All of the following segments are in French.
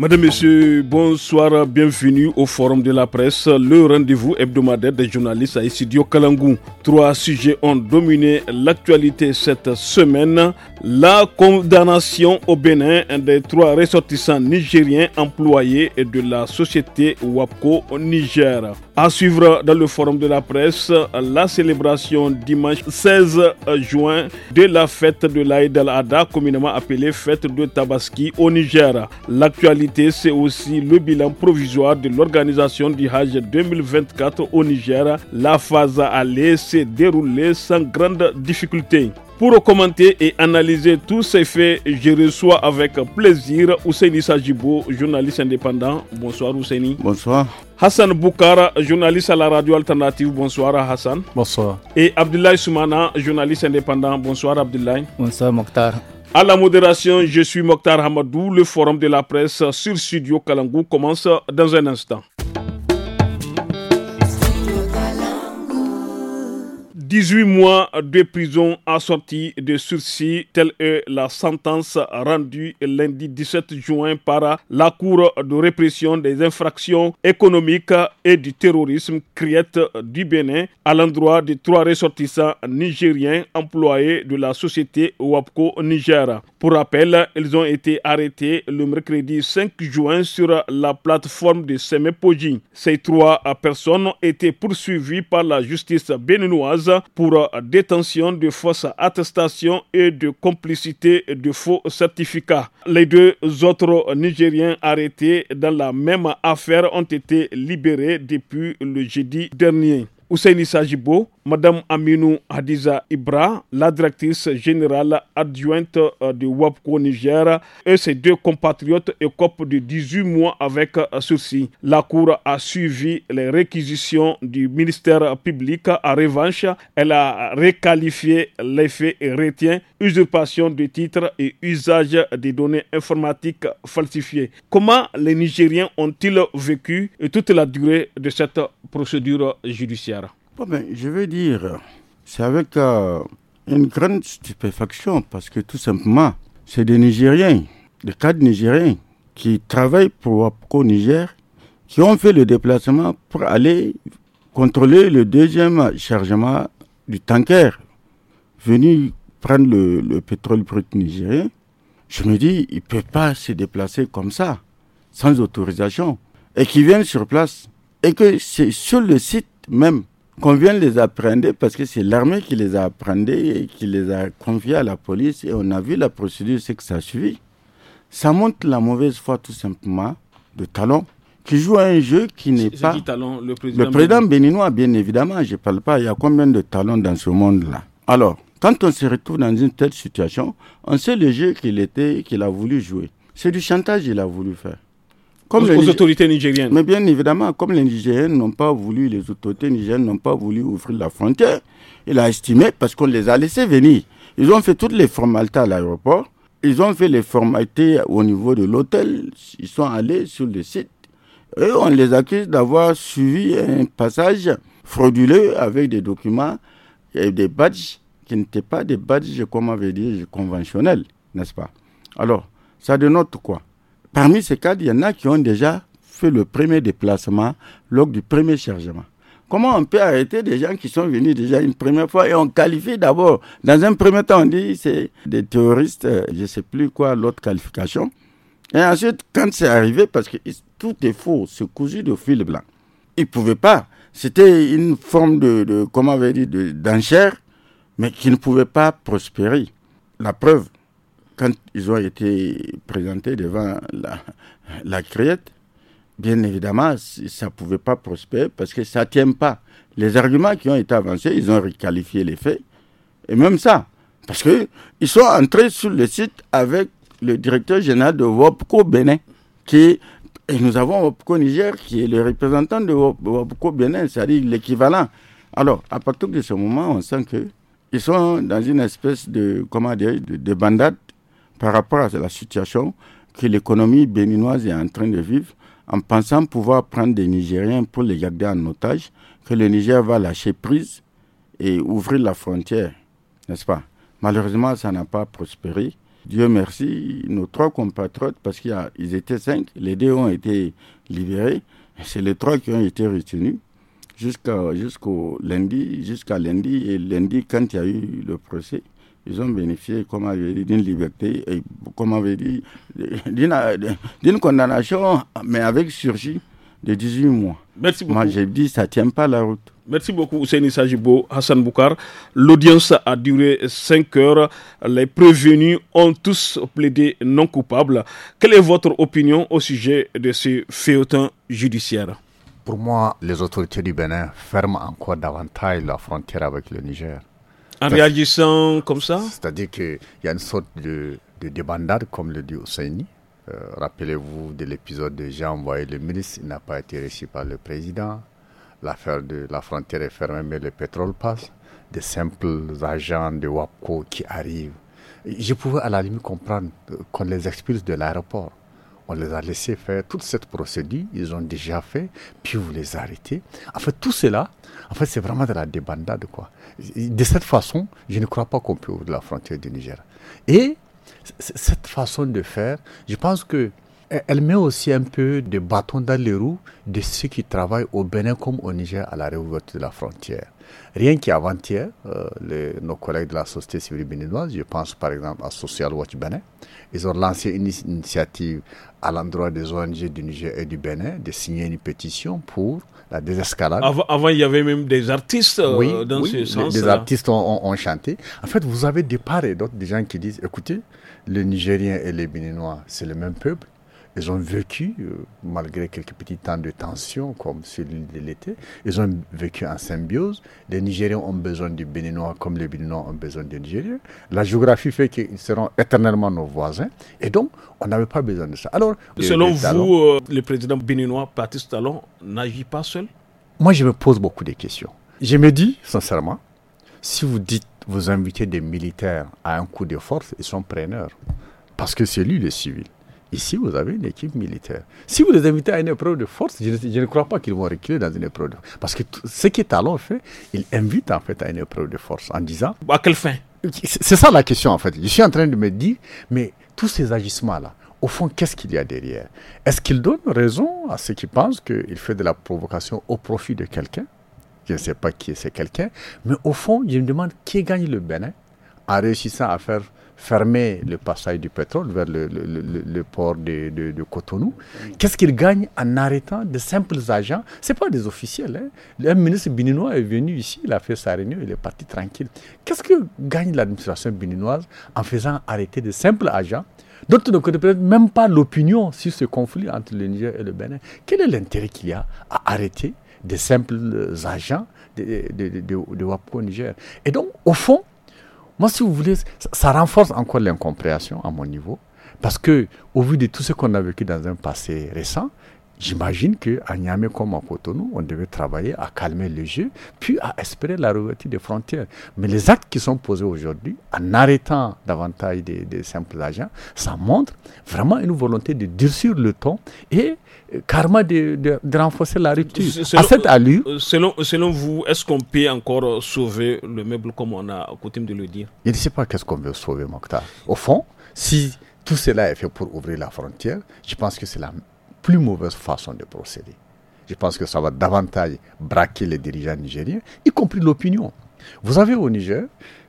Madame, Messieurs, bonsoir, bienvenue au Forum de la presse, le rendez-vous hebdomadaire des journalistes à Isidio Kalangou. Trois sujets ont dominé l'actualité cette semaine. La condamnation au Bénin des trois ressortissants nigériens employés de la société WAPCO au Niger. À suivre dans le forum de la presse, la célébration dimanche 16 juin de la fête de l'Aïd al-Adha, communément appelée fête de Tabaski au Niger. L'actualité, c'est aussi le bilan provisoire de l'organisation du Hajj 2024 au Niger. La phase allée s'est déroulée sans grande difficulté. Pour commenter et analyser tous ces faits, je reçois avec plaisir Ousseini Sajibo, journaliste indépendant. Bonsoir Ousseini. Bonsoir. Hassan Boukara, journaliste à la radio alternative. Bonsoir Hassan. Bonsoir. Et Abdoulaye Soumana, journaliste indépendant. Bonsoir Abdoulaye. Bonsoir Mokhtar. À la modération, je suis Mokhtar Hamadou. Le forum de la presse sur Studio Kalangou commence dans un instant. 18 mois de prison assortie de sursis, telle est la sentence rendue lundi 17 juin par la Cour de répression des infractions économiques et du terrorisme criette du Bénin à l'endroit de trois ressortissants nigériens employés de la société WAPCO Niger. Pour rappel, ils ont été arrêtés le mercredi 5 juin sur la plateforme de Semepoji. Ces trois personnes ont été poursuivies par la justice béninoise pour détention de fausses attestations et de complicité de faux certificats. Les deux autres Nigériens arrêtés dans la même affaire ont été libérés depuis le jeudi dernier. Madame Aminou Hadiza Ibra, la directrice générale adjointe euh, du WAPCO Niger, et ses deux compatriotes écopent de 18 mois avec euh, sursis. La Cour a suivi les réquisitions du ministère public. En revanche, elle a requalifié les faits et retient usurpation de titres et usage des données informatiques falsifiées. Comment les Nigériens ont-ils vécu toute la durée de cette procédure judiciaire? je veux dire, c'est avec une grande stupéfaction parce que tout simplement, c'est des Nigériens, des cadres nigériens qui travaillent pour WAPCO Niger, qui ont fait le déplacement pour aller contrôler le deuxième chargement du tanker venu prendre le, pétrole brut nigérien. Je me dis, ils ne peuvent pas se déplacer comme ça, sans autorisation, et qui viennent sur place, et que c'est sur le site même qu'on vienne les apprendre parce que c'est l'armée qui les a apprendés et qui les a confiés à la police et on a vu la procédure, c'est que ça a suivi. Ça montre la mauvaise foi tout simplement de Talon qui joue à un jeu qui n'est pas... Qui, Talon, le président, le président béninois, bien évidemment, je ne parle pas, il y a combien de talents dans ce monde-là Alors, quand on se retrouve dans une telle situation, on sait le jeu qu'il était, qu'il a voulu jouer. C'est du chantage qu'il a voulu faire comme les... autorités nigériennes. Mais bien évidemment, comme les nigériens n'ont pas voulu, les autorités nigériennes n'ont pas voulu ouvrir la frontière, il a estimé parce qu'on les a laissés venir. Ils ont fait toutes les formalités à l'aéroport, ils ont fait les formalités au niveau de l'hôtel, ils sont allés sur le site. Et on les accuse d'avoir suivi un passage frauduleux avec des documents et des badges qui n'étaient pas des badges, comme on avait dit, conventionnels, n'est-ce pas Alors, ça dénote quoi Parmi ces cadres, il y en a qui ont déjà fait le premier déplacement lors du premier chargement. Comment on peut arrêter des gens qui sont venus déjà une première fois et on qualifie d'abord, dans un premier temps, on dit c'est des terroristes, euh, je ne sais plus quoi, l'autre qualification. Et ensuite, quand c'est arrivé, parce que tout est faux, c'est cousu de fil blanc. Ils ne pouvaient pas. C'était une forme de, comment d'enchère, mais qui ne pouvait pas prospérer. La preuve, quand ils ont été présentés devant la, la criette, bien évidemment, ça ne pouvait pas prospérer parce que ça ne tient pas. Les arguments qui ont été avancés, ils ont requalifié les faits. Et même ça, parce qu'ils sont entrés sur le site avec le directeur général de Wopco Bénin, qui, et nous avons Wopco Niger, qui est le représentant de Wopco Bénin, c'est-à-dire l'équivalent. Alors, à partir de ce moment, on sent qu'ils sont dans une espèce de, comment dire, de bandade par rapport à la situation que l'économie béninoise est en train de vivre en pensant pouvoir prendre des Nigériens pour les garder en otage, que le Niger va lâcher prise et ouvrir la frontière, n'est-ce pas Malheureusement, ça n'a pas prospéré. Dieu merci, nos trois compatriotes, parce qu'ils étaient cinq, les deux ont été libérés, c'est les trois qui ont été retenus jusqu'au lundi, jusqu'à lundi, et lundi, quand il y a eu le procès, ils ont bénéficié, comme avait dit, d'une liberté, et, comme avait dit, d'une condamnation, mais avec sursis de 18 mois. Merci Moi, j'ai dit, ça ne tient pas la route. Merci beaucoup, Ousseini Sajibo, Hassan Boukar. L'audience a duré 5 heures. Les prévenus ont tous plaidé non coupables. Quelle est votre opinion au sujet de ce feuilleton judiciaire Pour moi, les autorités du Bénin ferment encore davantage la frontière avec le Niger. En réagissant comme ça C'est-à-dire qu'il y a une sorte de, débandade, comme le dit Ousseini. Euh, rappelez-vous de l'épisode de Jean envoyé le ministre, il n'a pas été reçu par le président. L'affaire de la frontière est fermée, mais le pétrole passe. Des simples agents de WAPCO qui arrivent. Je pouvais à la limite comprendre euh, qu'on les expulse de l'aéroport. On les a laissés faire toute cette procédure, ils ont déjà fait, puis vous les arrêtez. En fait, tout cela, en fait, c'est vraiment de la débandade, quoi de cette façon, je ne crois pas qu'on peut ouvrir la frontière du Niger. Et cette façon de faire, je pense que e, elle met aussi un peu de bâton dans les roues de ceux qui travaillent au Bénin comme au Niger à la réouverture de la frontière. Rien qu'avant-hier, euh, nos collègues de la société civile béninoise, je pense par exemple à Social Watch Bénin, ils ont lancé une initiative à l'endroit des ONG du Niger et du Bénin de signer une pétition pour désescalade. Avant, il y avait même des artistes euh, dans ce sens. Des, des artistes ont, chanté. En fait, vous avez des parts et d'autres, des gens qui disent écoutez, le Nigériens et les Béninois, c'est le même peuple. Ils ont vécu, euh, malgré quelques petits temps de tension, comme celui de l'été, ils ont vécu en symbiose. Les Nigériens ont besoin du Béninois comme les Béninois ont besoin des Nigériens. La géographie fait qu'ils seront éternellement nos voisins. Et donc, on n'avait pas besoin de ça. Alors, euh, Selon vous, euh, le président béninois, Patrice Talon, n'agit pas seul Moi, je me pose beaucoup de questions. Je me dis, sincèrement, si vous dites, vous invitez des militaires à un coup de force, ils sont preneurs. Parce que c'est lui le civil. Ici, vous avez une équipe militaire. Si vous les invitez à une épreuve de force, je ne, crois pas qu'ils vont reculer dans une épreuve de force. Parce que ce que Talon fait, il invite en fait à une épreuve de force en disant... À quelle fin C'est ça la question en fait. Je suis en train de me dire, mais tous ces agissements-là, au fond, qu'est-ce qu'il y a derrière Est-ce qu'il donne raison à ceux qui pensent qu'il fait de la provocation au profit de quelqu'un Je ne sais pas qui c'est, quelqu'un. Mais au fond, je me demande qui gagne le Bénin en réussissant à faire fermer le passage du pétrole vers le, le, le, port de, de, Cotonou. Qu'est-ce qu'il gagne en arrêtant de simples agents Ce pas des officiels. Hein. Un ministre béninois est venu ici, il a fait sa réunion, il est parti tranquille. Qu'est-ce que gagne l'administration béninoise en faisant arrêter de simples agents D'autres ne connaissent peut-être même pas l'opinion sur ce conflit entre le Niger et le Bénin Quel est l'intérêt qu'il y a à arrêter des simples agents de, de, de, de Niger Et donc, au fond, moi, si vous voulez, ça, renforce encore l'incompréhension à mon niveau, parce que au vu de tout ce qu'on a vécu dans un passé récent, J'imagine qu'à Niamey comme à Cotonou, on devait travailler à calmer le jeu, puis à espérer la réouverture des frontières. Mais les actes qui sont posés aujourd'hui, en arrêtant davantage des, simples agents, ça montre vraiment une volonté de durcir le ton et karma euh, de, renforcer la rupture. Selon, à cette euh, allure. Euh, selon, selon vous, est-ce qu'on peut encore sauver le meuble comme on a coutume de le dire Je ne sais pas qu'est-ce qu'on veut sauver, Mokhtar. Au fond, si tout cela est fait pour ouvrir la frontière, je pense que c'est la plus mauvaise façon de procéder. Je pense que ça va davantage braquer les dirigeants nigériens, y compris l'opinion. Vous avez au Niger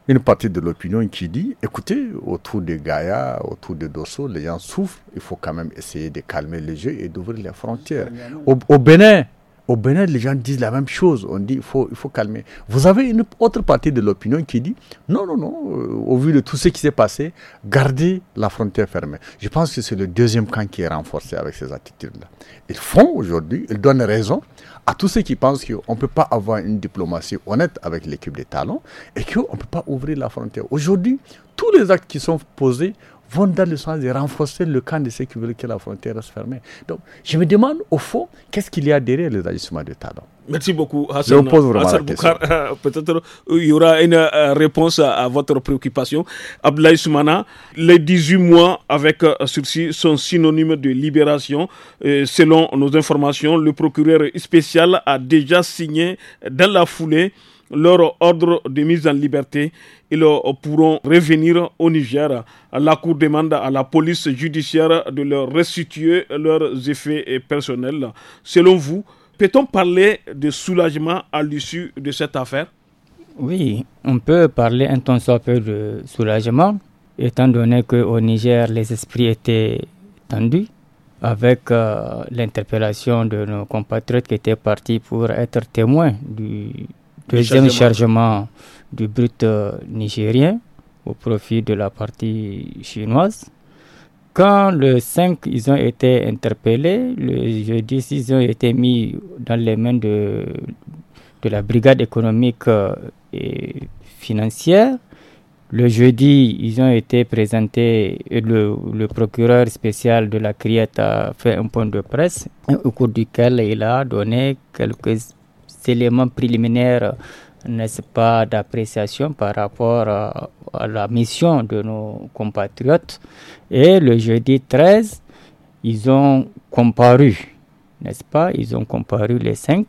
une partie de l'opinion qui dit, écoutez, autour de Gaïa, autour de Dosso, les gens souffrent, il faut quand même essayer de calmer les jeux et d'ouvrir les frontières. au Bénin, au Bénin, les gens disent la même chose. On dit il faut, il faut calmer. Vous avez une autre partie de l'opinion qui dit non, non, non, euh, au vu de tout ce qui s'est passé, gardez la frontière fermée. Je pense que c'est le deuxième camp qui est renforcé avec ces attitudes-là. Ils font aujourd'hui, ils donnent raison à tous ceux qui pensent qu'on ne peut pas avoir une diplomatie honnête avec l'équipe des talents et qu'on ne peut pas ouvrir la frontière. Aujourd'hui, tous les actes qui sont posés vont dans le sens de renforcer le camp de ceux qui veulent que la frontière se fermée. Donc, je me demande au fond, qu'est-ce qu'il y a derrière les agissements de Talon Merci beaucoup, Hassan. Hassan peut-être euh, il y aura une euh, réponse à, votre préoccupation. Abdoulaye Soumana, les 18 mois avec euh, sursis sont synonymes de libération. selon nos informations, le procureur spécial a déjà signé dans la foulée leur ordre de mise en liberté. Ils pourront revenir au Niger. La Cour demande à la police judiciaire de leur restituer leurs effets personnels. Selon vous, peut-on parler de soulagement à l'issue de cette affaire Oui, on peut parler un tant soit peu de soulagement, étant donné qu'au Niger, les esprits étaient tendus avec euh, l'interpellation de nos compatriotes qui étaient partis pour être témoins du deuxième chargement, du brut euh, nigérien au profit de la partie chinoise. Quand le 5, ils ont été interpellés, le jeudi ils ont été mis dans les mains de, de la brigade économique euh, et financière. Le jeudi, ils ont été présentés, et le, le, procureur spécial de la Criette a fait un point de presse au cours duquel il a donné quelques éléments préliminaires, n'est-ce pas, d'appréciation par rapport euh, à, la mission de nos compatriotes. Et le jeudi 13, ils ont comparu, n'est-ce pas, ils ont comparu les cinq,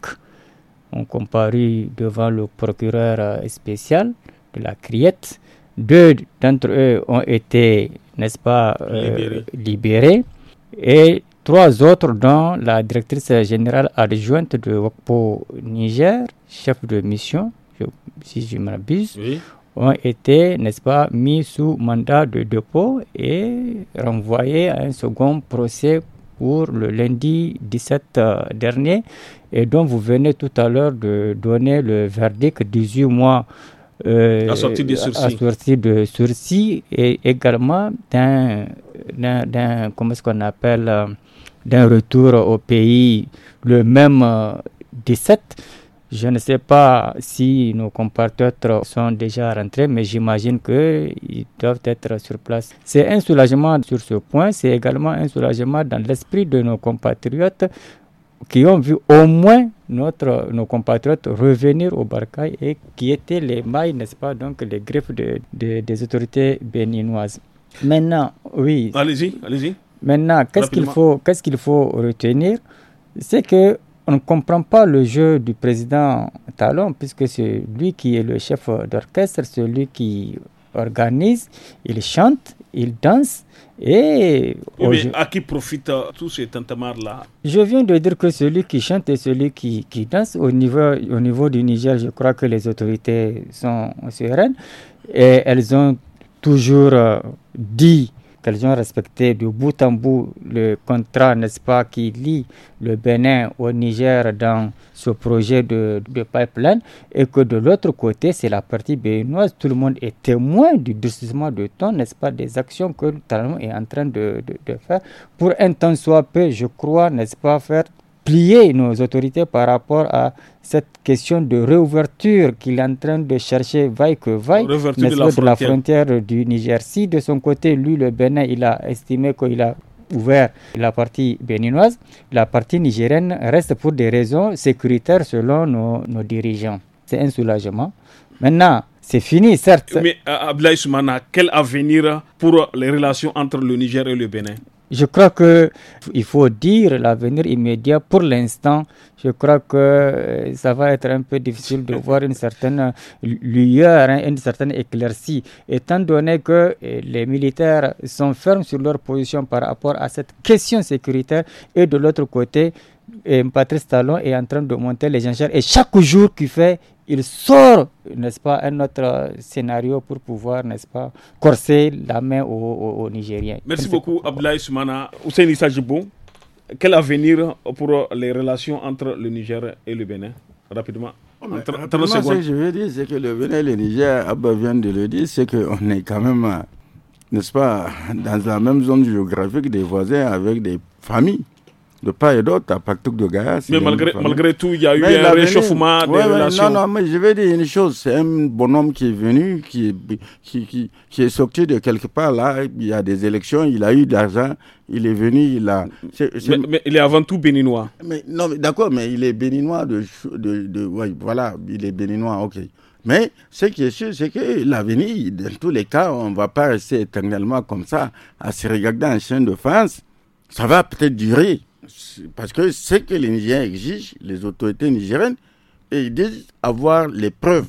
ont comparu devant le procureur euh, spécial de la Criette. Deux d'entre eux ont été, n'est-ce pas, euh, libérés. libérés. Et Trois autres, dont la directrice générale adjointe de WAPO Niger, chef de mission, si je m'abuse, ont été, n'est-ce pas, mis sous mandat de dépôt et renvoyés à un second procès pour le lundi 17 euh, dernier et dont vous venez tout à l'heure de donner le verdict 18 mois à euh, sortie de sourcils de et également d'un, comment est-ce qu'on appelle euh, d'un retour au pays le même 17. Euh, Je ne sais pas si nos compatriotes sont déjà rentrés, mais j'imagine qu'ils doivent être sur place. C'est un soulagement sur ce point, c'est également un soulagement dans l'esprit de nos compatriotes qui ont vu au moins notre, nos compatriotes revenir au Barcaï et qui étaient les mailles, n'est-ce pas, donc les griffes de, des autorités béninoises. Maintenant, oui. Allez-y, allez-y. Maintenant, qu'est-ce qu'il faut, faut retenir C'est que on ne comprend pas le jeu du président Talon, puisque c'est lui qui est le chef d'orchestre, celui qui organise, il chante, il danse. Et eh à qui profite euh, tout tous ces là Je viens de dire que celui qui chante et celui qui, danse, au niveau, au niveau du Niger, je crois que les autorités sont sereines et elles ont toujours euh, dit qu'elles ont respecté de bout en bout le contrat, n'est-ce pas, qui lie le Bénin au Niger dans ce projet de, de pipeline, et que de l'autre côté, c'est la partie béninoise. Tout le monde est témoin du durcissement de temps, n'est-ce pas, des actions que le Talon est en train de, de, de, faire pour un temps soit je crois, n'est-ce pas, faire plier nos autorités par rapport à cette question de réouverture qu'il est en train de chercher vaille que vaille, de, la, de la frontière du Niger. Si de son côté, lui, le Bénin, il a estimé qu'il a ouvert la partie béninoise, la partie nigérienne reste pour des raisons sécuritaires selon nos, nos dirigeants. C'est un soulagement. Maintenant, c'est fini, certes. Mais euh, Ablaï Soumana, quel avenir pour les relations entre le Niger et le Bénin je crois qu'il faut dire l'avenir immédiat. Pour l'instant, je crois que euh, ça va être un peu difficile de voir une certaine euh, lueur, hein, une certaine éclaircie, étant donné que euh, les militaires sont fermes sur leur position par rapport à cette question sécuritaire et de l'autre côté, et Patrice Talon est en train de monter les enchères et chaque jour qu'il fait, il sort, n'est-ce pas, un autre scénario pour pouvoir, n'est-ce pas, corser la main aux, Nigériens. Merci beaucoup, Abdoulaye Soumana. Hussein Issa quel avenir pour les relations entre le Niger et le Bénin Rapidement. Oh, ce que je veux dire, c'est que le Bénin et le Niger, Abba vient de le dire, c'est qu'on est quand même, euh, n'est-ce pas, dans la même zone géographique des voisins avec des familles de part et d'autre à de Gaïa. Mais malgré, malgré, tout, il y a eu un réchauffement des Non, non, mais je vais dire une chose. C'est un bonhomme qui est venu, qui est, qui, qui, est sorti de quelque part là. Il y a des élections, il a eu de l'argent, il est venu, il a... Mais, il est avant tout béninois. Mais, non, mais d'accord, mais il est béninois de... de, de voilà, il est béninois, ok. Mais ce qui est sûr, c'est que l'avenir, dans tous les cas, on ne va pas rester éternellement comme ça, à se regarder en chaîne de France. Ça va peut-être durer. Parce que ce que les Nigériens exigent, les autorités nigériennes, et ils disent avoir les preuves.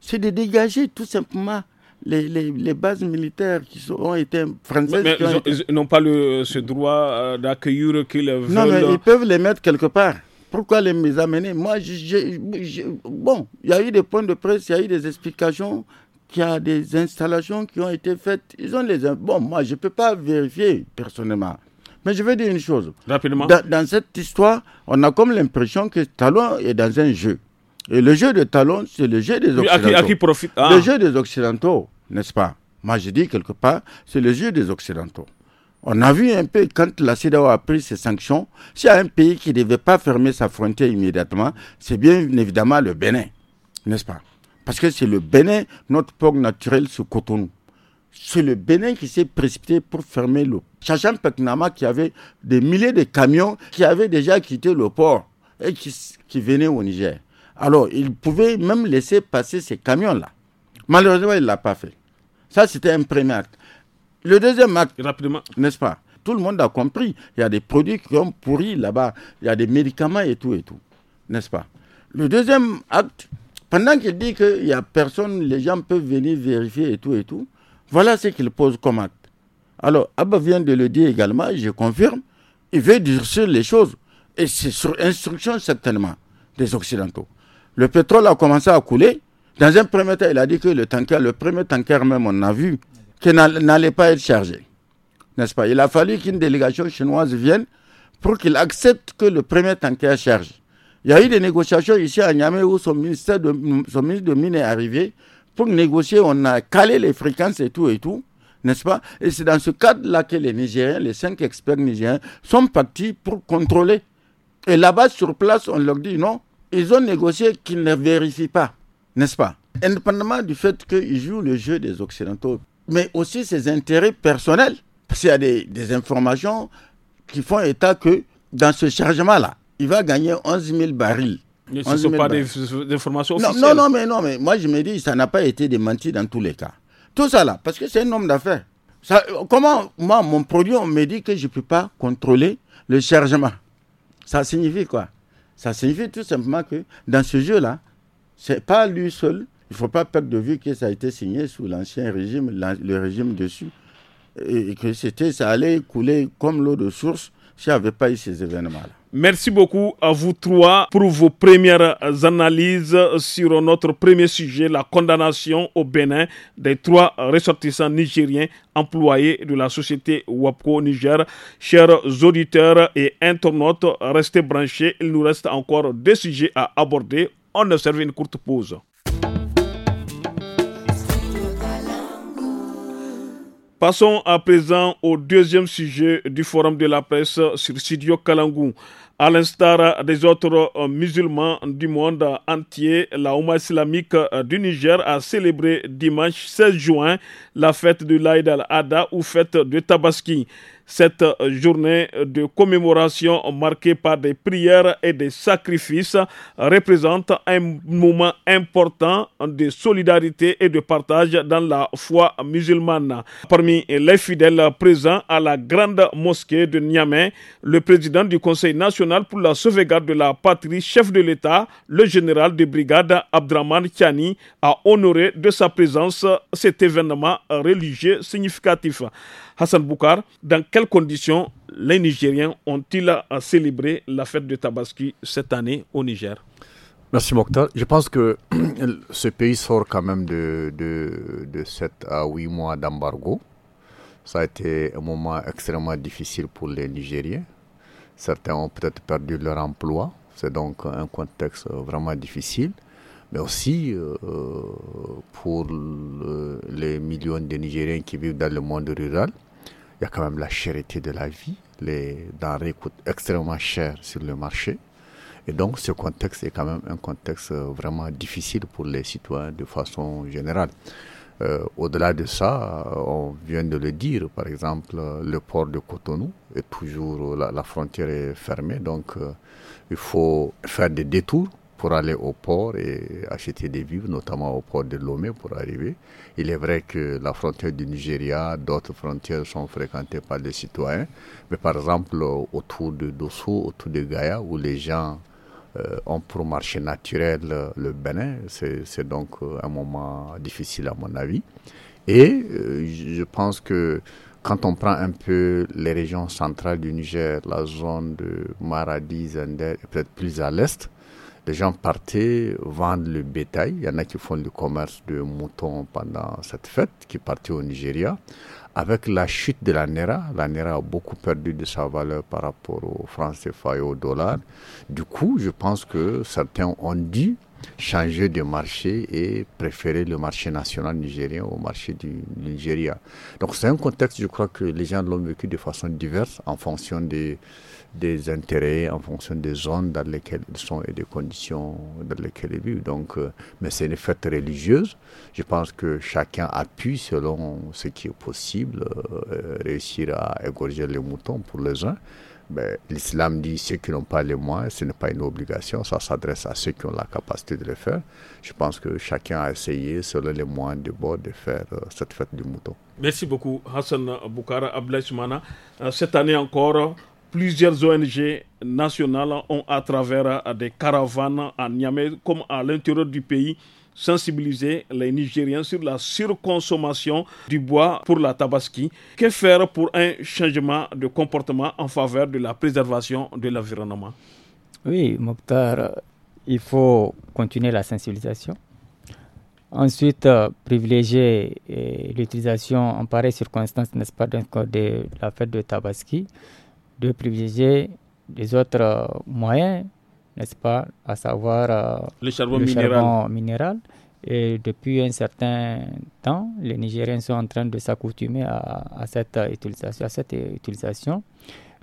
C'est de dégager tout simplement les, les, bases militaires qui ont été françaises. Mais, ils n'ont pas ce droit euh, d'accueillir qu'ils veulent. Non, mais ils peuvent les mettre quelque part. Pourquoi les, amener Moi, bon, il y a eu des points de presse, il y a eu des explications, qu'il y a des installations qui ont été faites. Ils ont les. Bon, moi, je ne peux pas vérifier personnellement. Mais je veux dire une chose. Rapidement. Dans, cette histoire, on a comme l'impression que Talon est dans un jeu. Et le jeu de Talon, c'est le jeu des Occidentaux. qui, profite ah. Le jeu des Occidentaux, n'est-ce pas Moi, je dis quelque part, c'est le jeu des Occidentaux. On a vu un peu quand la CEDAW a pris ses sanctions, s'il y a un pays qui ne devait pas fermer sa frontière immédiatement, c'est bien évidemment le Bénin, n'est-ce pas Parce que c'est le Bénin, notre port naturel, sous Cotonou. C'est le Bénin qui s'est précipité pour fermer le Chacham Peknama qui avait des milliers de camions qui avaient déjà quitté le port et qui, venaient au Niger. Alors, il pouvait même laisser passer ces camions-là. Malheureusement, il ne l'a pas fait. Ça, c'était un premier acte. Le deuxième acte, rapidement, n'est-ce pas Tout le monde a compris. Il y a des produits qui ont pourri là-bas. Il y a des médicaments et tout et tout. N'est-ce pas Le deuxième acte, pendant qu'il dit qu'il n'y a personne, les gens peuvent venir vérifier et tout et tout, voilà ce qu'il pose comme acte. Alors, Abba vient de le dire également, je confirme, il veut durcir les choses. Et c'est sur instruction certainement des Occidentaux. Le pétrole a commencé à couler. Dans un premier temps, il a dit que le tanker, le premier tanker même, on a vu, qu'il n'allait pas être chargé. N'est-ce pas Il a fallu qu'une délégation chinoise vienne pour qu'il accepte que le premier tanker charge. Il y a eu des négociations ici à Niamey où son, ministère de, son ministre de Mines est arrivé pour négocier. On a calé les fréquences et tout et tout n'est-ce pas Et c'est dans ce cadre-là que les Nigériens, les cinq experts nigériens, sont partis pour contrôler. Et là-bas, sur place, on leur dit non. Ils ont négocié qu'ils ne vérifient pas, n'est-ce pas Indépendamment du fait qu'ils jouent le jeu des Occidentaux, mais aussi ses intérêts personnels. Parce qu'il y a des, informations qui font état que dans ce chargement-là, il va gagner 11 000 barils. Mais ce ne sont pas des, informations officielles. Non, non, mais, non, mais moi je me dis, ça n'a pas été démenti dans tous les cas. Tout ça là, parce que c'est un homme d'affaires. comment, moi, mon produit, on me dit que je ne peux pas contrôler le chargement. Ça signifie quoi Ça signifie tout simplement que dans ce jeu-là, c'est pas lui seul. Il ne faut pas perdre de vue que ça a été signé sous l'ancien régime, le régime dessus, et que c'était, ça allait couler comme l'eau de source s'il n'y avait pas eu ces événements-là. Merci beaucoup à vous trois pour vos premières analyses sur notre premier sujet, la condamnation au Bénin des trois ressortissants nigériens employés de la société WAPCO Niger. Chers auditeurs et internautes, restez branchés. Il nous reste encore deux sujets à aborder. On observe une courte pause. Passons à présent au deuxième sujet du forum de la presse sur Studio Kalangou. À l'instar des autres euh, musulmans du monde entier, la Ouma islamique euh, du Niger a célébré dimanche 16 juin la fête de l'Aïd al-Adha ou fête de Tabaski. Cette euh, journée de commémoration marquée par des prières et des sacrifices représente un moment important de solidarité et de partage dans la foi musulmane. Parmi les fidèles présents à la grande mosquée de Niamey, le président du Conseil national pour la sauvegarde de la patrie, chef de l'État, le général de brigade Abdraman Tiani, a honoré de sa présence cet événement religieux significatif. Hassan Boukar, dans quelles conditions les Nigériens ont-ils célébré la fête de Tabaski cette année au Niger Merci Mokhtar. Je pense que ce pays sort quand même de, de, 7 à 8 mois d'embargo. Ça a été un moment extrêmement difficile pour les Nigériens. Certains ont peut-être perdu leur emploi. C'est donc un contexte vraiment difficile. Mais aussi euh, pour les millions de Nigériens qui vivent dans le monde rural, y a quand même la chérité de la vie. Les denrées coûtent extrêmement cher sur le marché. Et donc ce contexte est quand même un contexte euh, vraiment difficile pour les citoyens de façon générale. Euh, au-delà de ça, euh, on vient de le dire, par exemple, le port de Cotonou est toujours, la, frontière est fermée, donc il faut faire des détours pour aller au port et acheter des vivres, notamment au port de Lomé pour arriver. Il est vrai que la frontière du Nigeria, d'autres frontières sont fréquentées par des citoyens, mais par exemple euh, autour de Dosso, autour de Gaïa, où les gens euh, ont pour marché naturel euh, le Bénin, c'est donc un moment difficile à mon avis. Et je pense que quand on prend un peu les régions centrales du Niger, la zone de Maradi, Zender et peut-être plus à l'est, les gens partaient vendre le bétail. Il y en a qui font le commerce de moutons pendant cette fête, qui partaient au Nigeria. Avec la chute de la Nera, la Nera a beaucoup perdu de sa valeur par rapport au franc CFA et au dollar. Du coup, je pense que certains ont dû changer de marché et préférer le marché national nigérien au marché du Nigeria. Donc c'est un contexte, je crois que les gens l'ont vécu de façon diverse en fonction des, des intérêts en fonction des zones dans lesquelles ils sont et des conditions dans lesquelles ils vivent. Donc, euh, mais c'est une fête religieuse. Je pense que chacun appuie selon ce qui est possible, euh, réussir à égorger les moutons pour les uns. Mais l'islam dit ceux qui n'ont pas les moyens, ce n'est pas une obligation, ça s'adresse à ceux qui ont la capacité de le faire. Je pense que chacun a essayé, selon les moyens de bord, de faire euh, cette fête du mouton. Merci beaucoup, Hassan Boukara Ablaïsoumana. Cette année encore, plusieurs ONG nationales ont, à travers des caravanes à Niamey comme à l'intérieur du pays, sensibilisé les Nigériens sur la surconsommation du bois pour la tabaski. Que faire pour un changement de comportement en faveur de la préservation de l'environnement Oui, Mokhtar, il faut continuer la sensibilisation. Ensuite, euh, privilégier euh, l'utilisation en pareille circonstance, n'est-ce pas, de la fête de Tabaski, de privilégier des autres euh, moyens, n'est-ce pas, à savoir euh, le, charbon, minéral. Et depuis un certain temps, les Nigériens sont en train de s'accoutumer à, À cette euh, utilisation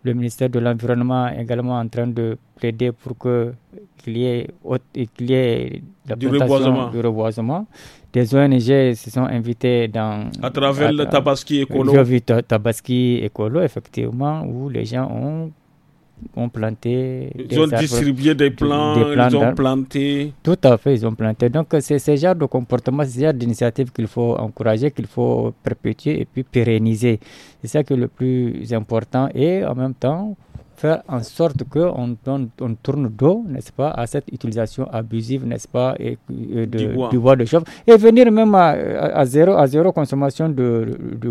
le ministère de l'Environnement est également en train de plaider pour que qu'il y ait, la du, reboisement. Des ONG se sont invités dans... À travers le Tabaski Écolo. Tabaski Écolo, effectivement, où les gens ont ont planté. Ils ont distribué des plants, ils ont planté. Tout à fait, ils ont planté. Donc, c'est ce genre de comportement, ce genre d'initiative qu'il faut encourager, qu'il faut perpétuer et puis pérenniser. C'est ça qui est le plus important. Et en même temps, faire en sorte qu'on on tourne dos, n'est-ce pas, à cette utilisation abusive, n'est-ce pas, et, de, du, bois. de chauffe, et venir même à, à, zéro, à zéro consommation de,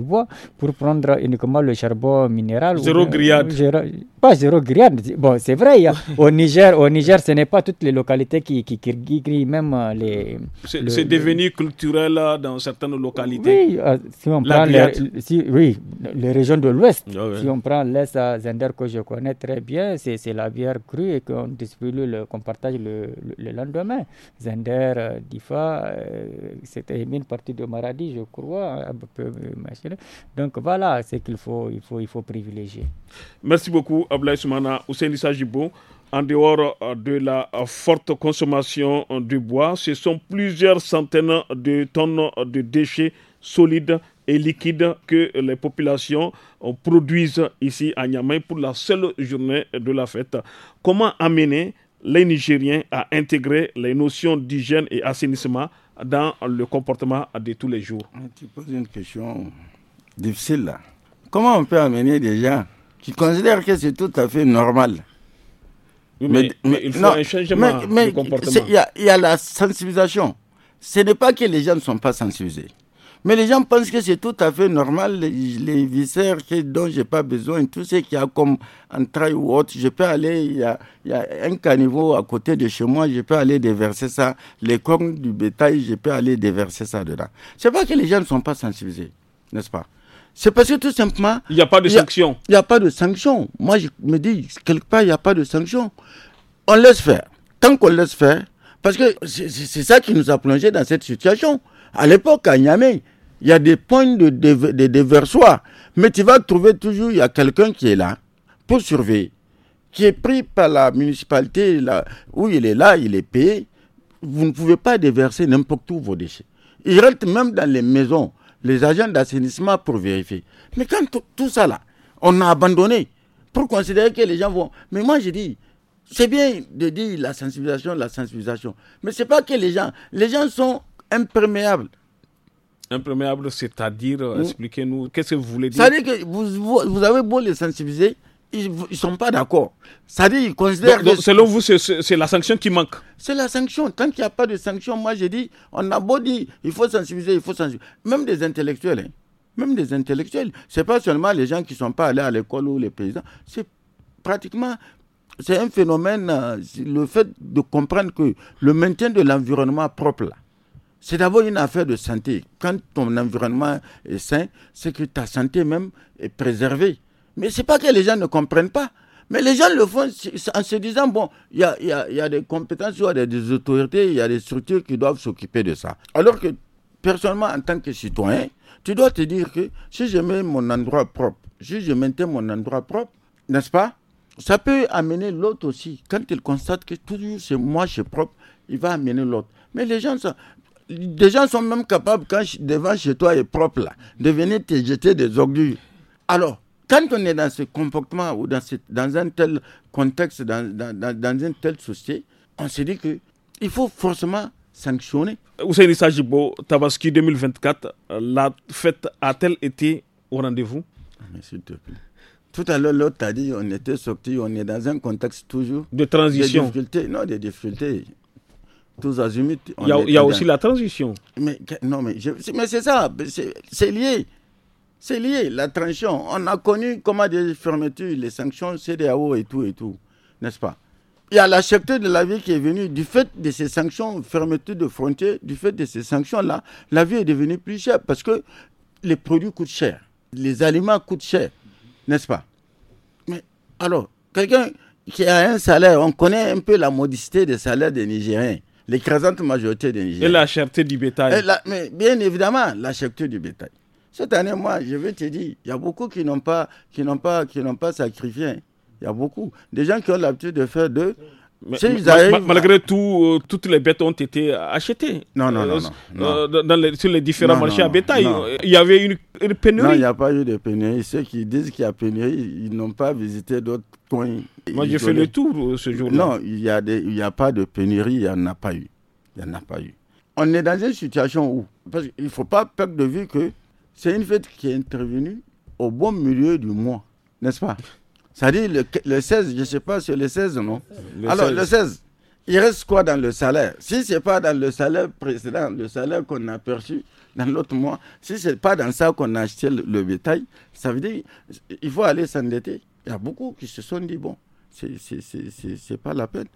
bois pour prendre uniquement le charbon minéral. Zéro grillade. pas zéro grillade. Bon, c'est vrai, hein. au, Niger, au Niger, ce n'est pas toutes les localités qui, qui, grillent, même les... C'est devenu culturel euh, dans certaines localités. Oui, euh, si on prend les, si, oui, les régions de l'Ouest, ah si on prend l'Est, à euh, Zender, que je connais, très bien, c'est la bière crue et qu'on distribue, qu'on partage le, le, lendemain. Zender, euh, Difa, euh, c'était une partie de Maradi, je crois, euh, Donc voilà ce qu'il faut, il faut, il faut privilégier. Merci beaucoup, Ablaï Soumana, Sajibou. En dehors de la forte consommation du bois, ce sont plusieurs centaines de tonnes de déchets solides et liquide que les populations produisent ici à Niamey pour la seule journée de la fête. Comment amener les Nigériens à intégrer les notions d'hygiène et assainissement dans le comportement de tous les jours ah, Tu poses une question difficile là. Comment on peut amener des gens qui considèrent que c'est tout à fait normal mais, il faut un changement de comportement. Il y, a la sensibilisation. Ce n'est pas que les gens ne sont pas sensibilisés. Mais les gens pensent que c'est tout à fait normal, les, viscères dont j'ai pas besoin, tout ce qu'il y a comme entrailles ou autre, je peux aller, il y, a, un caniveau à côté de chez moi, je peux aller déverser ça, les cornes du bétail, je peux aller déverser ça dedans. C'est pas que les gens ne sont pas sensibilisés, n'est-ce pas C'est parce que tout simplement... Il n'y a pas de sanction. Il n'y a pas de sanction. Moi, je me dis, quelque part, il n'y a pas de sanction. On laisse faire. Tant qu'on laisse faire, parce que c'est ça qui nous a plongé dans cette situation. À l'époque, à Niamey, il y a des points de, déversoir. Mais tu vas trouver toujours, il y a quelqu'un qui est là pour surveiller, qui est pris par la municipalité, là, où il est là, il est payé. Vous ne pouvez pas déverser n'importe où vos déchets. Il reste même dans les maisons, les agents d'assainissement pour vérifier. Mais quand tout ça là, on a abandonné pour considérer que les gens vont. Mais moi, je dis, c'est bien de dire la sensibilisation, la sensibilisation. Mais ce n'est pas que les gens, les gens sont imperméables. Imperméable, c'est-à-dire, mm. expliquez-nous, qu'est-ce que vous voulez dire C'est-à-dire que vous, avez beau les sensibiliser, ils ne sont pas d'accord. C'est-à-dire, ils considèrent. selon vous, c'est la sanction qui manque C'est la sanction. Tant qu'il n'y a pas de sanction, moi, j'ai dit, on a beau dire, il faut sensibiliser, il faut sensibiliser. Même des intellectuels, hein. même des intellectuels, ce n'est pas seulement les gens qui ne sont pas allés à l'école ou les paysans, c'est pratiquement c'est un phénomène, euh, le fait de comprendre que le maintien de l'environnement propre, là, c'est d'abord une affaire de santé. Quand ton environnement est sain, c'est que ta santé même est préservée. Mais ce n'est pas que les gens ne comprennent pas. Mais les gens le font en se disant, bon, il y a, y a, des compétences, il y a des autorités, il y a des structures qui doivent s'occuper de ça. Alors que, personnellement, en tant que citoyen, tu dois te dire que si je mets mon endroit propre, si je maintiens mon endroit propre, n'est-ce pas Ça peut amener l'autre aussi. Quand il constate que toujours c'est moi, je suis propre, il va amener l'autre. Mais les gens, ça, des gens sont même capables, quand devant chez toi est propre, de venir te jeter des ordures. Alors, quand on est dans ce comportement ou dans, dans un tel contexte, dans, un tel souci, on se dit qu'il faut forcément sanctionner. s'agit pour Tabaski 2024, la fête a-t-elle été au rendez-vous ah, Tout à l'heure, l'autre a dit on était sorti, on est dans un contexte toujours. De transition. de difficultés, non, des difficultés. Il y a, aussi la transition. Mais, non, mais, mais c'est ça, c'est lié. C'est lié, la transition. On a connu comment des fermetures, les sanctions, CDAO et tout et tout, n'est-ce pas Il y a la de la vie qui est venue du fait de ces sanctions, fermeture de frontières, du fait de ces sanctions-là, la vie est devenue plus chère parce que les produits coûtent cher, les aliments coûtent cher, n'est-ce pas Mais alors, quelqu'un qui a un salaire, on connaît un peu la modicité des salaires des Nigériens l'écrasante majorité des Nigériens. Et la cherté du bétail. mais bien évidemment, la cherté du bétail. Cette année, moi, je vais te dire, il y a beaucoup qui n'ont pas, pas, qui n'ont pas sacrifié. Il y a beaucoup. Des gens qui ont l'habitude de faire deux, malgré tout, euh, toutes les bêtes ont été achetées. Non, non, euh, non. Euh, sur les différents marchés à bétail. Il y avait une, pénurie. Non, il n'y a pas eu de pénurie. Ceux qui disent qu'il y a pénurie, ils n'ont pas visité d'autres coins. Moi, j'ai fait le tour ce jour-là. Non, il n'y a, a pas de pénurie, il n'y en a pas eu. Il n'y en a pas eu. On est dans une situation où, parce qu'il ne faut pas perdre de vue que c'est une fête qui est intervenue au bon milieu du mois, n'est-ce pas ça dit le, le 16, je ne sais pas sur le 16, non Alors, le 16, il reste quoi dans le salaire Si ce n'est pas dans le salaire précédent, le salaire qu'on a perçu dans l'autre mois, si ce n'est pas dans ça qu'on a acheté le, bétail, ça veut dire qu'il faut aller s'endetter. Il y a beaucoup qui se sont dit, bon, ce n'est pas la peine.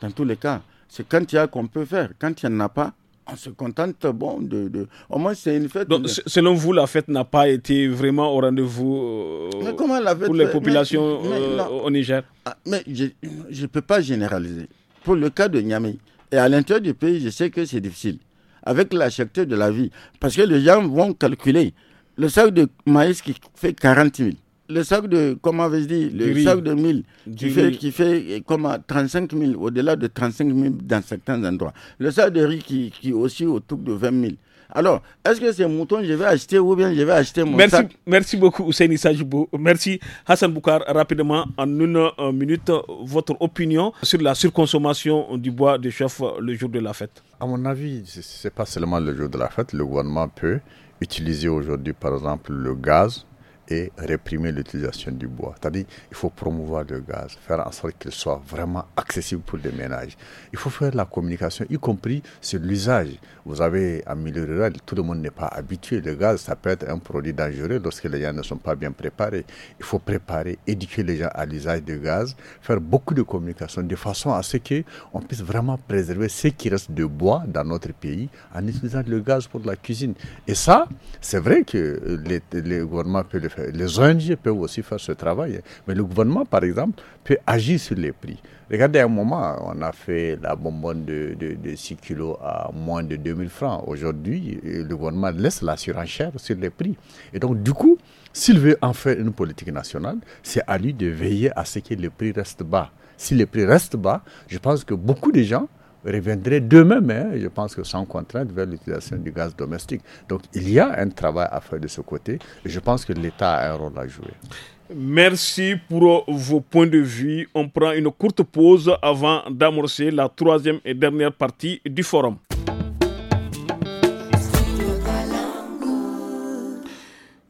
Dans tous les cas, c'est quand il y a qu'on peut faire. Quand il n'y en a pas, on se contente, bon, de, au moins c'est une fête. selon vous, la fête n'a pas été vraiment au rendez-vous euh, pour les populations euh, au Niger ah, Mais je ne peux pas généraliser. Pour le cas de Niamey, et à l'intérieur du pays, je sais que c'est difficile, avec la cherté de la vie, parce que les gens vont calculer le sac de maïs qui fait 40 000 le sac de, comment avez je dit le sac de qui fait, qui fait 35 000, au-delà de 35 000 dans certains endroits. Le sac de riz qui, qui aussi autour de 20 000. Alors, est-ce que ces moutons, je vais acheter ou bien je vais acheter mon merci, sac Merci beaucoup, Ousseini Sajibou. Merci, Hassan Boukar. Rapidement, en une euh, minute, votre opinion sur la surconsommation du bois de chef euh, le jour de la fête À mon avis, ce n'est pas seulement le jour de la fête. Le gouvernement peut utiliser aujourd'hui, par exemple, le gaz et réprimer l'utilisation du bois. C'est-à-dire il faut promouvoir le gaz, faire en sorte qu'il soit vraiment accessible pour les ménages. Il faut faire la communication, y compris sur l'usage. Vous avez amélioré, tout le monde n'est pas habitué. Le gaz, ça peut être un produit dangereux lorsque les gens ne sont pas bien préparés. Il faut préparer, éduquer les gens à l'usage du gaz, faire beaucoup de communication de façon à ce qu'on puisse vraiment préserver ce qui reste de bois dans notre pays en utilisant le gaz pour la cuisine. Et ça, c'est vrai que le gouvernement gouvernements le faire euh, les ONG peuvent aussi faire ce travail. Mais le gouvernement, par exemple, peut agir sur les prix. Regardez, un moment, on a fait la bonbonne de, 6 kilos à moins de 2000 francs. Aujourd'hui, euh, le gouvernement laisse la surenchère sur les prix. Et donc, du coup, s'il veut en faire une politique nationale, c'est à lui de veiller à ce que les prix restent bas. Si les prix restent bas, je pense que beaucoup de gens reviendrait demain mais je pense que sans contrainte, vers l'utilisation du gaz domestique. Donc il y a un travail à faire de ce côté je pense que l'État a un rôle à jouer. Merci pour vos points de vue. On prend une courte pause avant d'amorcer la troisième et dernière partie du forum.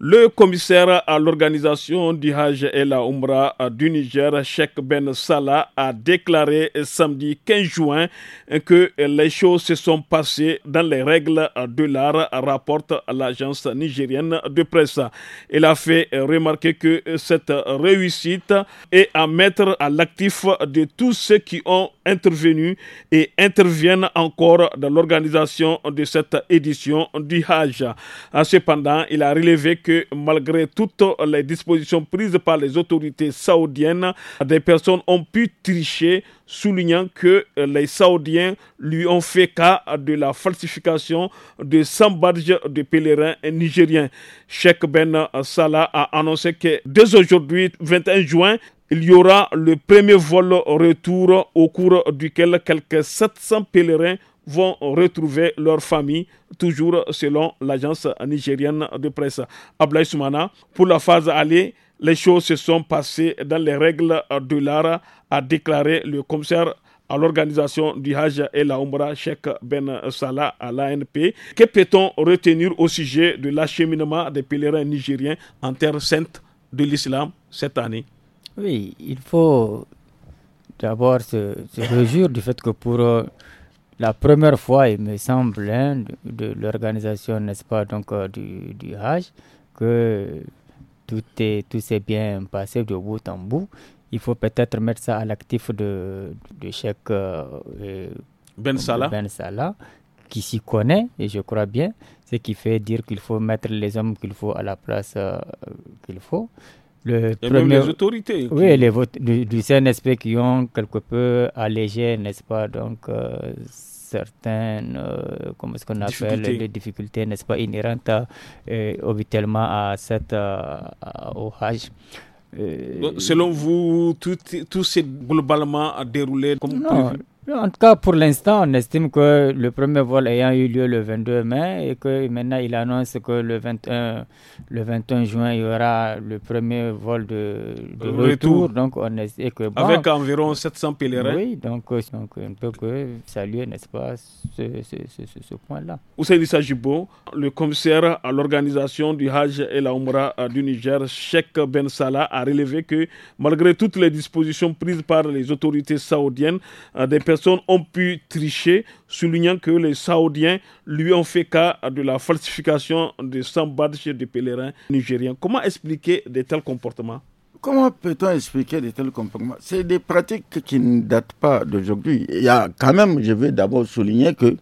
Le commissaire à l'organisation du Hajj et la Umra euh, du Niger, Sheikh Ben Salah, a déclaré samedi 15 juin que les choses se sont passées dans les règles de l'art, rapporte l'agence nigérienne de presse. Il a fait remarquer que cette réussite est à mettre à l'actif de tous ceux qui ont intervenu et interviennent encore dans l'organisation de cette édition du Hajj. Cependant, il a relevé que malgré toutes les dispositions prises par les autorités saoudiennes, des personnes ont pu tricher, soulignant que les Saoudiens lui ont fait cas de la falsification de 100 barges de pèlerins nigériens. Sheikh Ben Salah a annoncé que dès aujourd'hui, 21 juin, il y aura le premier vol retour au cours duquel quelques 700 pèlerins vont retrouver leur famille, toujours selon l'agence nigérienne de presse. Ablaï Soumana, pour la phase aller, les choses se sont passées dans les règles de l'art, a déclaré le commissaire à l'organisation du Hajj et la Umbra, Sheikh Ben Salah à l'ANP. Que peut-on retenir au sujet de l'acheminement des pèlerins nigériens en terre sainte de l'islam cette année Oui, il faut d'abord se, se du fait que pour euh, la première fois, il me semble, hein, de, l'organisation, n'est-ce pas, donc euh, du, Hajj, que tout est tout s'est bien passé de bout en bout. Il faut peut-être mettre ça à l'actif de, de chaque euh, ben, ben Salah. qui s'y connaît, et je crois bien, ce qui fait dire qu'il faut mettre les hommes qu'il faut à la place euh, qu'il faut. Le premier... les autorités. Oui, les votes du, du, CNSP qui ont quelque peu allégé, n'est-ce pas, donc euh, certaines, euh, comment est-ce qu'on appelle, les difficultés, n'est-ce pas, inhérentes euh, habituellement à cette, euh, au Hajj. selon vous, tout, tout s'est globalement déroulé comme prévu en tout cas, pour l'instant, on estime que le premier vol ayant eu lieu le 22 mai et que maintenant il annonce que le 21, le 21 juin, il y aura le premier vol de, retour. Donc on est, que, Avec environ 700 pèlerins. Oui, donc, donc on ne peut que saluer, n'est-ce pas, ce, ce, ce, ce point-là. beau le commissaire à l'organisation du Hajj et la Oumra euh, du Niger, Sheikh Ben Salah, a relevé que malgré toutes les dispositions prises par les autorités saoudiennes, euh, des personnes personnes ont pu tricher, soulignant que les Saoudiens lui ont fait cas de la falsification de 100 badges de pèlerins nigériens. Comment expliquer de tels comportements Comment peut-on expliquer de tels comportements C'est des pratiques qui ne datent pas d'aujourd'hui. Il y a quand même, je veux d'abord souligner que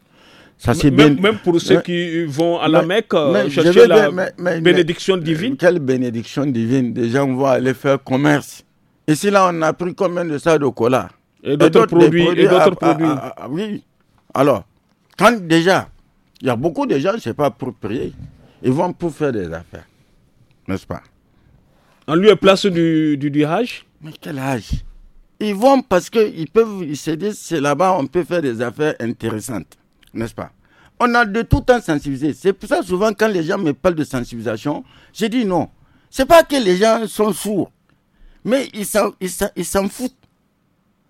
ça c'est même, même, pour ceux qui vont à la Mecque euh, chercher la bénédiction divine. Euh, quelle bénédiction divine Déjà, on vont aller faire commerce. Ici, là, on a pris combien de sardes de cola et d'autres produits. et d'autres produits. oui. Alors, quand déjà, il y a beaucoup de gens, c'est pas pour prier. Ils vont pour faire des affaires. N'est-ce pas En lui a place du, du, du Mais quel âge Ils vont parce qu'ils peuvent, ils se disent, c'est là-bas, on peut faire des affaires intéressantes. N'est-ce pas On a de tout temps sensibilisé. C'est pour ça, souvent, quand les gens me parlent de sensibilisation, je dis non. C'est pas que les gens sont sourds, mais ils s'en foutent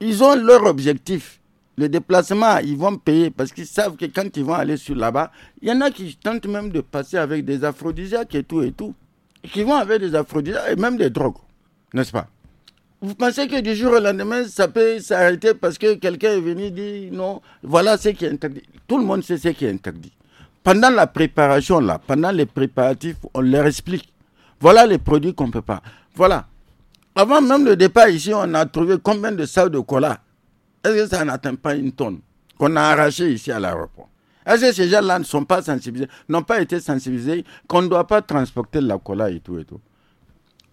ils ont leur objectif. Le déplacement, ils vont payer parce qu'ils savent que quand ils vont aller sur là-bas, il y en a qui tentent même de passer avec des aphrodisiaques et tout et tout. Ils qui vont avec des aphrodisiaques et même des drogues, n'est-ce pas Vous pensez que du jour au lendemain, ça peut s'arrêter parce que quelqu'un est venu dire non, voilà ce qui est interdit. Tout le monde sait ce qui est interdit. Pendant la préparation, là, pendant les préparatifs, on leur explique. Voilà les produits qu'on ne peut pas. Voilà, avant même le départ ici, on a trouvé combien de sacs de cola Est-ce que ça n'atteint pas une tonne qu'on a arraché ici à l'aéroport Est-ce que ces gens-là ne sont pas sensibilisés, n'ont pas été sensibilisés qu'on ne doit pas transporter la cola et tout et tout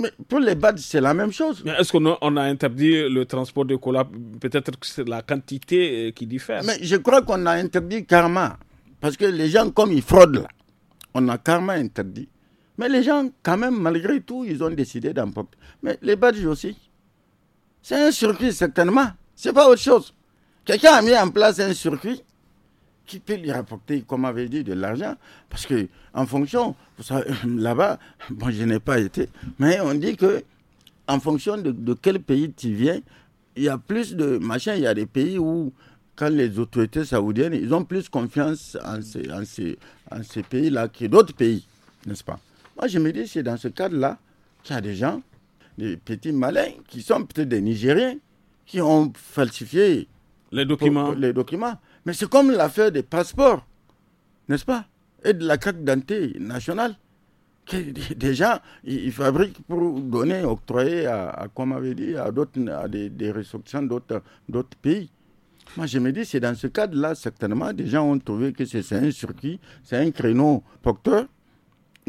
mais pour les BAD, c'est la même chose. Mais est-ce qu'on a interdit le transport de cola Peut-être que c'est la quantité euh, qui diffère. Mais je crois qu'on a interdit karma. Parce que les gens, comme ils fraudent là, on a karma interdit. Mais les gens, quand même, malgré tout, ils ont décidé d'emporter. Mais les badges aussi, c'est un circuit certainement. C'est pas autre chose. Quelqu'un a mis en place un circuit qui peut lui rapporter, comme avait dit, de l'argent. Parce que en fonction, là-bas, bon, je n'ai pas été, mais on dit que en fonction de, quel pays tu viens, il y a plus de machin. Il y a des pays où, quand les autorités saoudiennes, ils ont plus confiance en ces, en ces pays-là que d'autres pays, n'est-ce pas moi, je me dis, c'est dans ce cadre-là qu'il y a des gens, des petits malins, qui sont peut-être des Nigériens, qui ont falsifié les documents. Mais c'est comme l'affaire des passeports, n'est-ce pas Et de la carte d'identité nationale. Que des gens, ils, fabriquent pour donner, octroyer à, on comme avait dit, à, à des, des restrictions d'autres pays. Moi, je me dis, c'est dans ce cadre-là, certainement, des gens ont trouvé que c'est un circuit, c'est un créneau porteur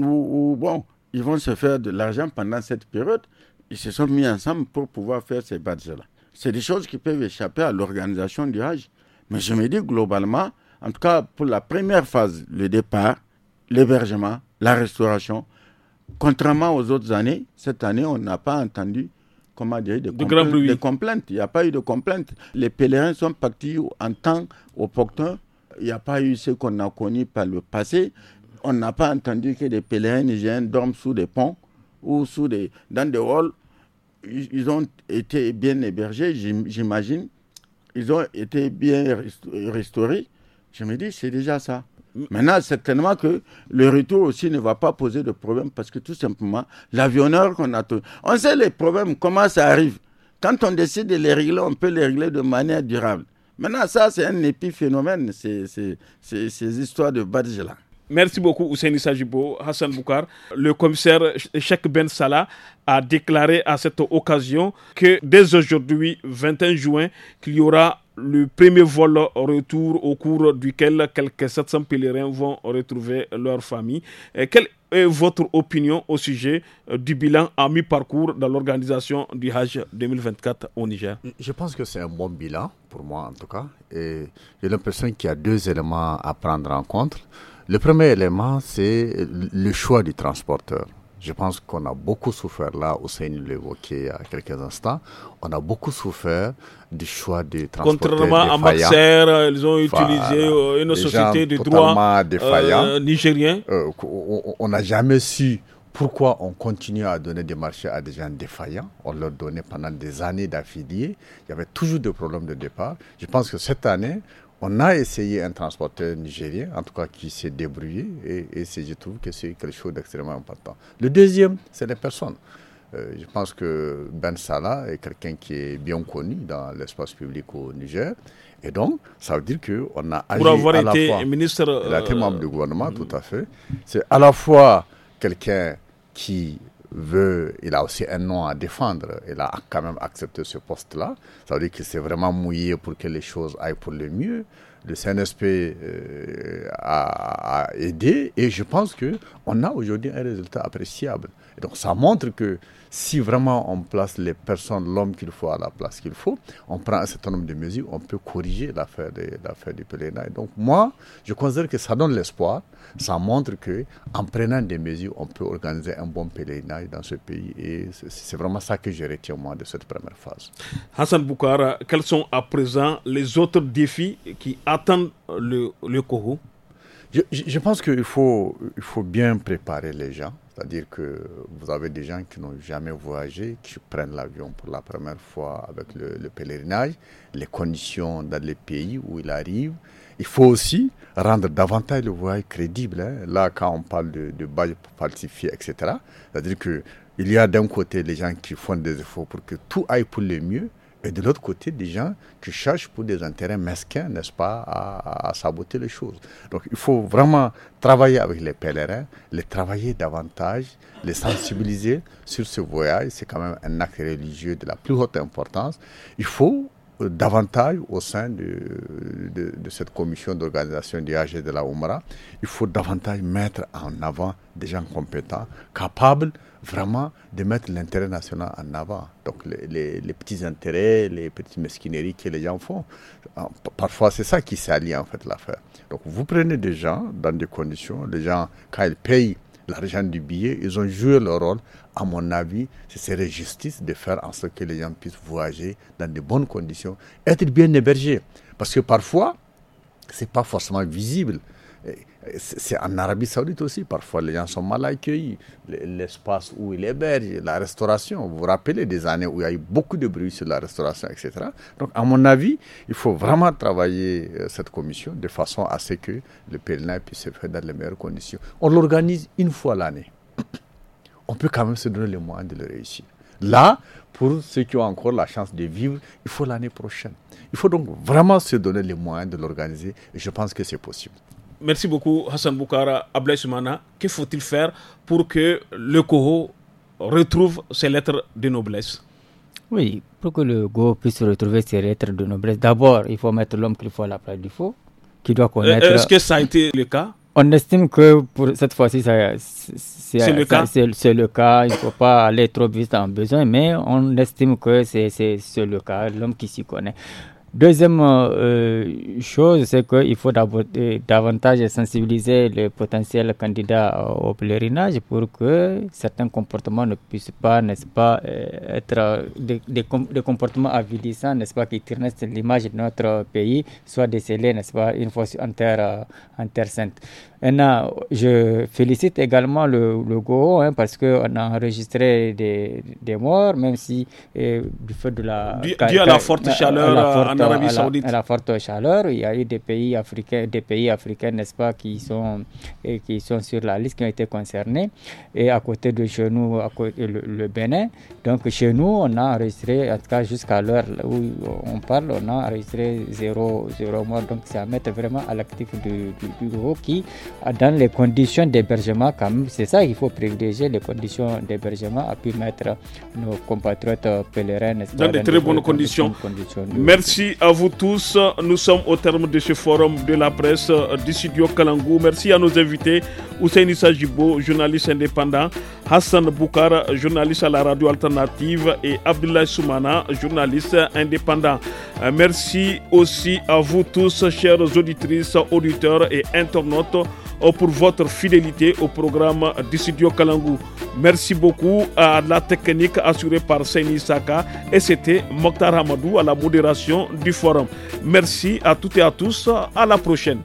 où, bon, ils vont se faire de l'argent pendant cette période. Ils se sont mis ensemble pour pouvoir faire ces badges-là. C'est des choses qui peuvent échapper à l'organisation du Hajj. Mais je me dis globalement, en tout cas pour la première phase, le départ, l'hébergement, la restauration, contrairement aux autres années, cette année, on n'a pas entendu comment dire, de, complaintes. Il n'y a pas eu de complaintes. Les pèlerins sont partis en temps opportun. Il n'y a pas eu ce qu'on a connu par le passé on n'a pas entendu que des pèlerins dorment sous des ponts ou sous des, dans des halls. Ils ont été bien hébergés, j'imagine. Ils ont été bien restaurés. Je me dis, c'est déjà ça. Mm. Maintenant, certainement que le retour aussi ne va pas poser de problème parce que tout simplement, l'avionneur qu'on a... On sait les problèmes, comment ça arrive. Quand on décide de les régler, on peut les régler de manière durable. Maintenant, ça, c'est un épiphénomène, ces, ces, ces, histoires de badge-là. Merci beaucoup Ousseini Sajibo, Hassan Boukar. Le commissaire Cheikh Ben Salah a déclaré à cette occasion que dès aujourd'hui, 21 juin, qu'il y aura le premier vol retour au cours duquel quelques 700 pèlerins vont retrouver leur famille. quelle est votre opinion au sujet euh, du bilan à mi-parcours dans l'organisation du Hajj 2024 au Niger Je pense que c'est un bon bilan, pour moi en tout cas. Et j'ai l'impression qu'il y a deux éléments à prendre en compte. Le premier élément, c'est le choix du transporteur. Je pense qu'on a beaucoup souffert là, Hussein l'évoquait il y a quelques instants, on a beaucoup souffert du choix du transporteur Contrairement à Maxer, ils ont utilisé euh, une société de droit euh, nigérien. Euh, on n'a jamais su pourquoi on continue à donner des marchés à des gens défaillants On leur donnait pendant des années d'affiliés. Il y avait toujours des problèmes de départ. Je pense que cette année, on a essayé un transporteur nigérien, en tout cas qui s'est débrouillé, et, je trouve que c'est quelque chose d'extrêmement important. Le deuxième, c'est les personnes. Euh, je pense que Ben Salah est quelqu'un qui est bien connu dans l'espace public au Niger. Et donc, ça veut dire qu'on a agi Pour avoir été ministre... Il a été euh, membre du gouvernement, euh, tout à fait. C'est à la fois quelqu'un qui veut, il a aussi un nom à défendre. Il a quand même accepté ce poste-là. Ça veut dire qu'il s'est vraiment mouillé pour que les choses aillent pour le mieux. Le CNSP euh, a, aidé et je pense que on a aujourd'hui un résultat appréciable. Et donc ça montre que si vraiment on place les personnes, l'homme qu'il faut à la place qu'il faut, on prend un certain nombre de mesures, on peut corriger l'affaire du pèlerinage. Donc moi, je considère que ça donne l'espoir, ça montre que en prenant des mesures, on peut organiser un bon pèlerinage dans ce pays et c'est vraiment ça que je retiens moi de cette première phase. Hassan Boukara, quels sont à présent les autres défis qui attendent le, le je, je, pense qu'il faut, il faut bien préparer les gens c'est-à-dire que vous avez des gens qui n'ont jamais voyagé, qui prennent l'avion pour la première fois avec le, pèlerinage, les conditions dans les pays où ils arrivent. Il faut aussi rendre davantage le voyage crédible. Hein. Là, quand on parle de, de bail falsifié, etc., c'est-à-dire qu'il y a d'un côté les gens qui font des efforts pour que tout aille pour le mieux, et de l'autre côté, des gens qui cherchent pour des intérêts mesquins, n'est-ce pas, à, saboter les choses. Donc il faut vraiment travailler avec les pèlerins, les travailler davantage, les sensibiliser sur ce voyage. C'est quand même un acte religieux de la plus haute importance. Il faut euh, davantage au sein de, cette commission d'organisation du Hajj et de la Oumra, il faut davantage mettre en avant des gens compétents, capables vraiment de mettre l'intérêt national en avant. Donc les, les, petits intérêts, les petites mesquineries que les gens font, parfois c'est ça qui s'allie en fait l'affaire. Donc vous prenez des gens dans des conditions, les gens quand ils payent l'argent du billet, ils ont joué leur rôle. À mon avis, ce serait justice de faire en sorte que les gens puissent voyager dans de bonnes conditions, être bien hébergés. Parce que parfois, ce n'est pas forcément visible. C'est en Arabie Saoudite aussi, parfois les gens sont mal accueillis. L'espace où ils hébergent, la restauration. Vous vous rappelez des années où il y a eu beaucoup de bruit sur la restauration, etc. Donc, à mon avis, il faut vraiment travailler euh, cette commission de façon à ce que le pèlerinage puisse se faire dans les meilleures conditions. On l'organise une fois l'année. On peut quand même se donner les moyens de le réussir. Là, pour ceux qui ont encore la chance de vivre, il faut l'année prochaine. Il faut donc vraiment se donner les moyens de l'organiser. je pense que c'est possible. Merci beaucoup Hassan Boukara, Ablaï Soumana. Que faut-il faire pour que le Coho retrouve ses lettres de noblesse Oui, pour que le GO puisse retrouver ses lettres de noblesse, d'abord, il faut mettre l'homme qu'il faut à la place du faux, qui doit euh, connaître... Est-ce que ça a été le cas on estime que pour cette fois-ci, c'est le, cas. le cas. Il ne faut pas aller trop vite en besoin, mais on estime que c'est le cas, l'homme qui s'y connaît. Deuxième euh, euh, chose, c'est qu'il faut euh, davantage sensibiliser les potentiels candidats au pèlerinage pour que certains comportements ne puissent pas, n'est-ce pas, être des, comportements avidissants n'est-ce pas, qui ternissent l'image de notre pays, soit décelés, n'est-ce pas, une fois en terre, sainte. je félicite également le, le GO hein, parce qu'on a enregistré des, des, morts, même si du fait de la... à la forte chaleur à la, forte chaleur, il y a eu des pays africains, des pays africains, n'est-ce pas, qui sont, qui sont sur la liste, qui ont été concernés. Et à côté de chez nous, à côté, le, Bénin. Donc chez nous, on a enregistré, en tout cas jusqu'à l'heure où on parle, on a enregistré zéro, zéro mort. Donc ça met vraiment à l'actif du, du, groupe qui, dans les conditions d'hébergement, quand même, c'est ça qu'il faut privilégier, les conditions d'hébergement, à pu mettre nos compatriotes pèlerins, n'est-ce pas, dans, de très bonnes conditions Merci à vous tous. Nous sommes au terme de ce forum de la presse du studio Kalangou. Merci à nos invités Hussein Issa Jibo, journaliste indépendant, Hassan Boukar, journaliste à la radio alternative et Abdullah Soumana, journaliste indépendant. Euh, merci aussi à vous tous, chers auditrices, auditeurs et internautes euh, pour votre fidélité au programme du studio Merci beaucoup à la technique assurée par Saini Saka et c'était Mokhtar Hamadou à la modération du forum. Merci à toutes et à tous. À la prochaine.